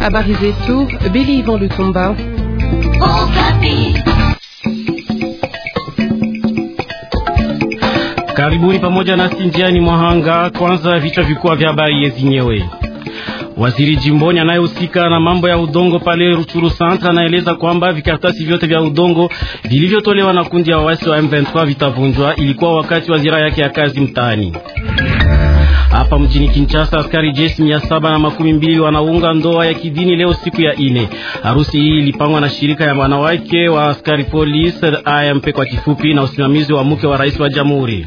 Habari zetu Beli Ivan Lutumba. Karibuni pamoja na sinjiani mwahanga. Kwanza vichwa vikubwa vya habari yezinyewe Waziri jimboni anayehusika na mambo ya udongo pale Ruchuru Centre anaeleza kwamba vikaratasi vyote vya udongo vilivyotolewa na kundi ya waasi wa M23 vitavunjwa. Ilikuwa wakati wa ziara yake ya kazi mtaani. Hapa mjini Kinshasa, askari jeshi mia saba na makumi mbili wanaunga ndoa ya kidini leo siku ya ine. Harusi hii ilipangwa na shirika ya wanawake wa askari polisi AMP kwa kifupi, na usimamizi wa mke wa rais wa jamhuri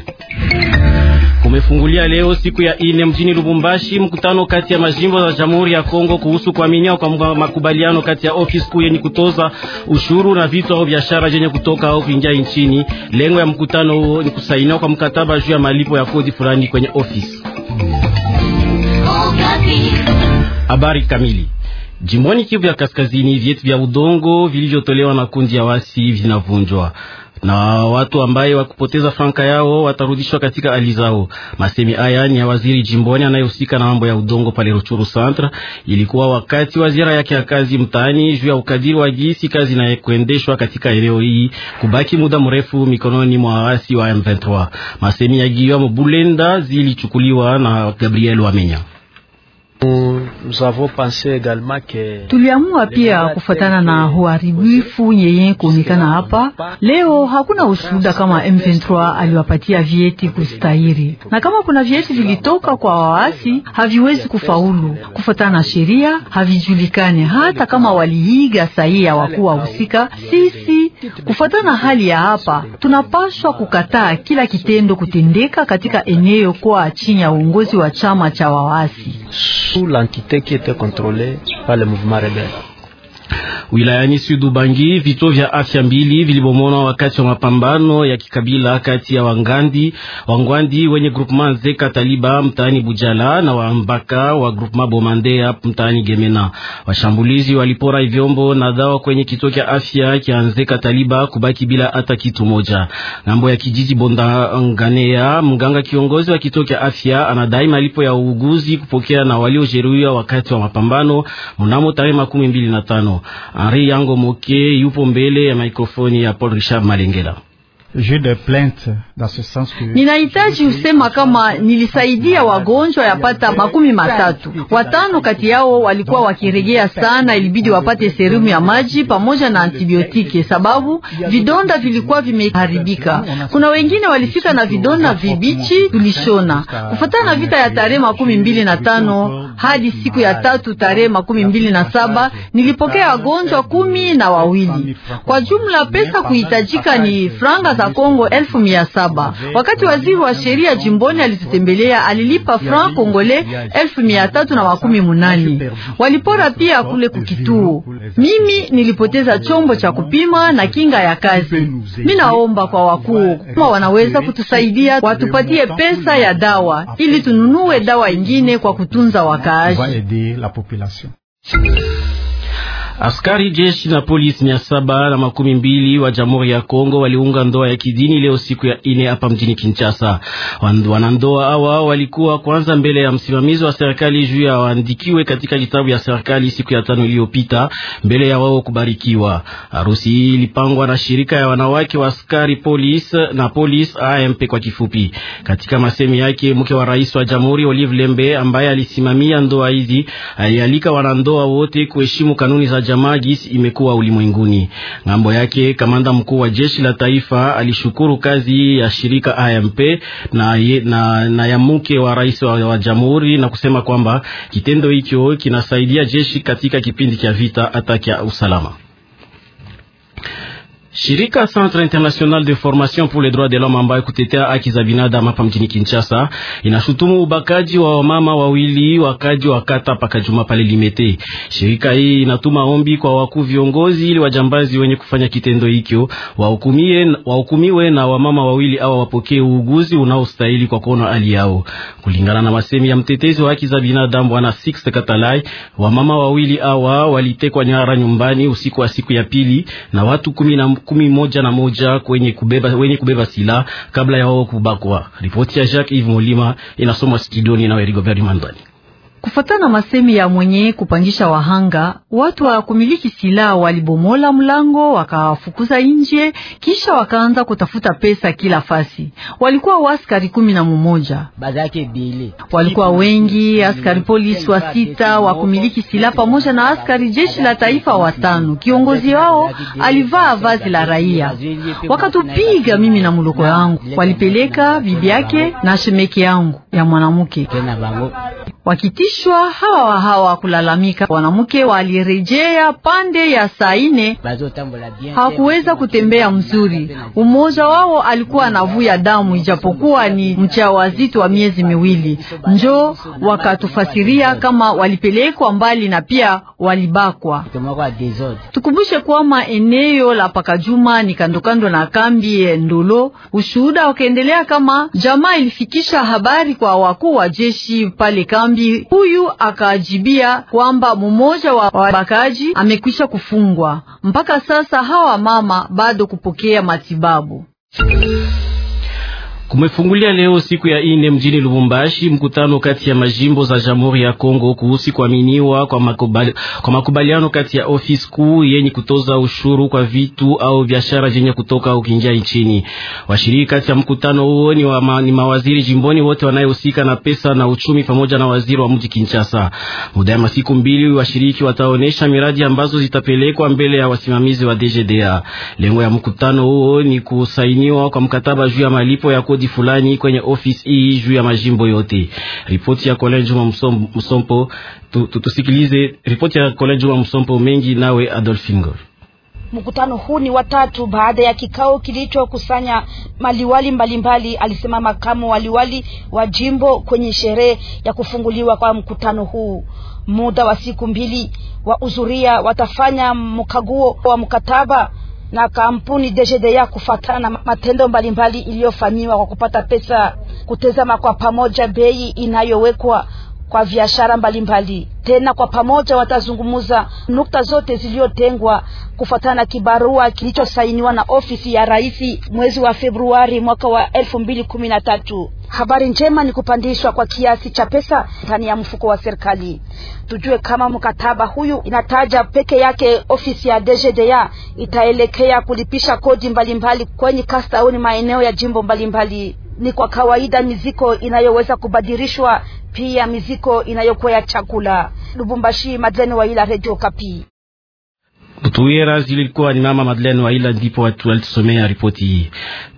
umefungulia leo siku ya ine mjini Lubumbashi mkutano kati ya majimbo za Jamhuri ya Kongo kuhusu kuaminiwa kwa makubaliano kati ya ofisi kuu yenye kutoza ushuru na vitu au biashara vyenye kutoka au kuingia nchini. Lengo ya mkutano huo ni kusainiwa kwa mkataba juu ya malipo ya kodi fulani kwenye ofisi. Habari kamili Jimboni Kivu ya Kaskazini, vyetu vya udongo vilivyotolewa na kundi ya wasi vinavunjwa na watu ambaye wakupoteza franka yao watarudishwa katika hali zao. Masemi haya ni ya waziri jimboni anayehusika na mambo ya udongo pale Ruchuru Centre. Ilikuwa wakati wa ziara yake ya kazi mtaani juu ya ukadiri wa gisi kazi inayokuendeshwa katika eneo hii kubaki muda mrefu mikononi mwa waasi wa M23. Masemi ya Guillaume Bulenda zilichukuliwa na Gabriel Wamenya. Tuliamua pia kufuatana na uharibifu yeye kuonekana hapa leo. Hakuna ushuhuda kama M23 aliwapatia vieti kustahiri, na kama kuna vieti vilitoka kwa waasi haviwezi kufaulu kufuatana na sheria, havijulikane hata kama waliiga sahihi ya wakuu wa husika. Sisi kufuatana na hali ya hapa, tunapaswa kukataa kila kitendo kutendeka katika eneo kwa chini ya uongozi wa chama cha waasi. sous l'entité qui était contrôlée par le mouvement rebelle. Wilayani Sud Bangi, vituo vya afya mbili vilibomona wakati wa mapambano ya kikabila kati ya Wangandi, Wangwandi wenye groupement Zeka Taliba mtaani Bujala na Wambaka wa groupement Bomandea mtaani Gemena. Washambulizi walipora vyombo na dawa kwenye kituo cha afya cha Zeka Taliba kubaki bila hata kitu moja. Ngambo ya kijiji Bondanganea, mganga kiongozi wa kituo cha afya anadai malipo ya uuguzi kupokea na waliojeruhiwa wakati wa mapambano mnamo tarehe makumi mbili na tano. Henri Yango Moke yupo mbele ya mikrofoni ya Paul Richard Malengela. Ninahitaji usema kama nilisaidia wagonjwa yapata makumi matatu, watano kati yao walikuwa wakiregea sana, ilibidi wapate serumu ya maji pamoja na antibiotiki sababu vidonda vilikuwa vimeharibika. Kuna wengine walifika na vidonda vibichi, tulishona kufuatana na vita ya tarehe makumi mbili na tano hadi siku ya tatu tarehe makumi mbili na saba nilipokea wagonjwa kumi na wawili. Kwa jumla pesa kuhitajika ni franga za Kongo elfu mia saba. Wakati waziri wa sheria jimboni alitutembelea, alilipa franc kongole elfu mia tatu na makumi munani. Walipora pia kule kukituo. Mimi nilipoteza chombo cha kupima na kinga ya kazi. Minaomba kwa wakuu kama wanaweza kutusaidia, watupatie pesa ya dawa ili tununue dawa ingine kwa kutunza wakaaji. Askari jeshi na polisi mia saba na makumi mbili wa Jamhuri ya Kongo waliunga ndoa ya kidini leo siku ya ine hapa mjini Kinshasa. Wanandoa hawa walikuwa kwanza mbele ya msimamizi wa serikali juu ya waandikiwe katika kitabu ya serikali siku ya tano iliyopita mbele ya wao kubarikiwa. Harusi hii ilipangwa na shirika ya wanawake wa askari polisi na polisi AMP kwa kifupi. Katika masemi yake, mke wa rais wa Jamhuri Olive Lembe ambaye alisimamia ndoa hizi alialika wanandoa wote kuheshimu kanuni za jamaa gisi imekuwa ulimwenguni. Ng'ambo yake, kamanda mkuu wa jeshi la taifa alishukuru kazi ya shirika AMP na, na, na ya mke wa rais wa, wa jamhuri na kusema kwamba kitendo hicho kinasaidia jeshi katika kipindi cha vita hata cha usalama. Shirika Centre International de Formation pour les Droits de l'Homme ambayo kutetea haki za binadamu hapa mjini Kinshasa inashutumu ubakaji wa wamama wawili wakaji wa kata Pakajuma pale Limete. Shirika hii inatuma ombi kwa wakuu viongozi ili wajambazi wenye kufanya kitendo hicho wahukumiwe, wahukumiwe na wamama wawili awa wapokee uuguzi unaostahili kwa kuona hali yao. Kulingana na masemi ya mtetezi wa haki za binadamu Bwana Six Katalai, wamama wawili awa walitekwa nyara nyumbani usiku wa siku ya pili na watu kumi na kumi moja na moja kwenye kubeba, wenye kubeba sila kabla ya wao kubakwa. Ripoti ya Jacques Yves molima inasoma studioni na Erigo Verdimandani. Kufatana masemi ya mwenye kupangisha wahanga, watu wa kumiliki silaha walibomola mlango wakawafukuza nje, kisha wakaanza kutafuta pesa kila fasi. Walikuwa waskari kumi na mmoja, walikuwa wengi, askari polisi wa sita wa kumiliki silaha pamoja na askari jeshi la taifa watano. Kiongozi wao alivaa vazi la raia. Wakatupiga mimi na muloko yangu, walipeleka bibi yake na shemeke yangu ya mwanamke wakitishwa hawa hawa kulalamika. Mwanamke walirejea pande ya saa ine, hakuweza kutembea mzuri. Umoja wao alikuwa anavuya damu, ijapokuwa ni mchawazito wa miezi miwili. Njo wakatufasiria kama walipelekwa mbali na pia walibakwa. Tukumbushe kwamba eneo la Pakajuma ni kandokando na kambi Ndolo. Ushuhuda wakaendelea kama jamaa ilifikisha habari kwa wakuu wa jeshi pale kambi. Huyu akaajibia kwamba mmoja wa wabakaji amekwisha kufungwa. Mpaka sasa hawa mama bado kupokea matibabu. Kumefungulia leo siku ya ine mjini Lubumbashi mkutano kati ya majimbo za Jamhuri ya Kongo kuhusu kuaminiwa kwa makubali, kwa makubaliano kati ya ofisi kuu yenye kutoza ushuru kwa vitu au biashara zenye kutoka ukiingia nchini. Washiriki kati ya mkutano huo ni, ni mawaziri jimboni wote wanayohusika na pesa na uchumi pamoja na waziri wa mji Kinshasa. Muda ya masiku mbili washiriki wataonesha miradi ambazo zitapelekwa mbele ya wasimamizi wa DGDA. Lengo ya mkutano huo ni kusainiwa kwa mkataba juu ya malipo ya kodi kodi fulani kwenye ofisi hii juu ya majimbo yote. Ripoti ya Colin Juma Msompo, tusikilize ripoti ya Colin Juma Msompo mengi nawe Adolfingo. Mkutano huu ni watatu baada ya kikao kilichokusanya maliwali mbalimbali mbali, alisema makamu waliwali wa jimbo kwenye sherehe ya kufunguliwa kwa mkutano huu. Muda wa siku mbili wa uzuria watafanya mkaguo wa mkataba na kampuni DGDA kufatana na matendo mbalimbali iliyofanyiwa kwa kupata pesa, kutezama kwa pamoja bei inayowekwa kwa biashara mbalimbali. Tena kwa pamoja watazungumza nukta zote zilizotengwa kufuatana na kibarua kilichosainiwa na ofisi ya rais mwezi wa Februari mwaka wa elfu mbili kumi na tatu. Habari njema ni kupandishwa kwa kiasi cha pesa ndani ya mfuko wa serikali. Tujue kama mkataba huyu inataja peke yake ofisi ya DGDA itaelekea kulipisha kodi mbalimbali kwenye kastauni maeneo ya jimbo mbalimbali mbali. Ni kwa kawaida miziko inayoweza kubadilishwa pia miziko inayokuwa chakula. Lubumbashi, Madleni Waila, Radio Kapi. Tuera zilikuwa ni mama Madeleine Waila, ndipo watu walitusomea ripoti hii.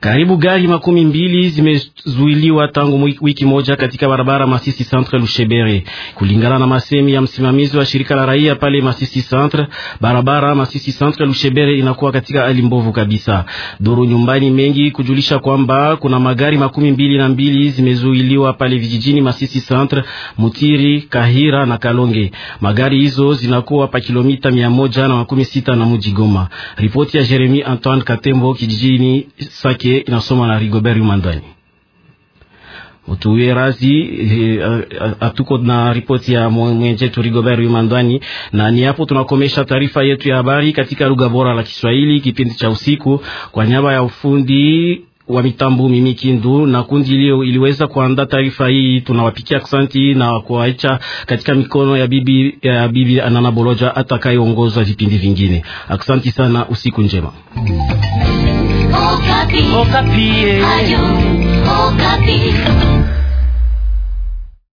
Karibu gari makumi mbili zimezuiliwa tangu wiki moja katika barabara Masisi Centre Lushebere, kulingana na masemi ya msimamizi wa shirika la raia pale Masisi Centre. Barabara Masisi Centre Lushebere inakuwa katika hali mbovu kabisa. Duru nyumbani mengi kujulisha kwamba kuna magari makumi mbili na mbili zimezuiliwa pale vijijini Masisi Centre, Mutiri, Kahira na Kalonge. Magari hizo zinakuwa pa kilomita mia moja na makumi sita na muji Goma. Ripoti ya Jeremi Antoine Katembo kijijini Sake inasoma na Rigobert Yumandani. Utuwe razi hatuko na ripoti ya mwenjetu Rigobert Yumandwani, na ni hapo tunakomesha taarifa yetu ya habari katika lugha bora la Kiswahili, kipindi cha usiku, kwa niaba ya ufundi wa mitambo Mimi Kindu na kundi leo iliweza kuandaa taarifa hii. Tunawapikia asanti na kuwaacha katika mikono ya bibi, ya bibi Anana Boloja atakayeongoza vipindi vingine. Asanti sana, usiku njema. Okapi. Okapi. Eh. Okapi.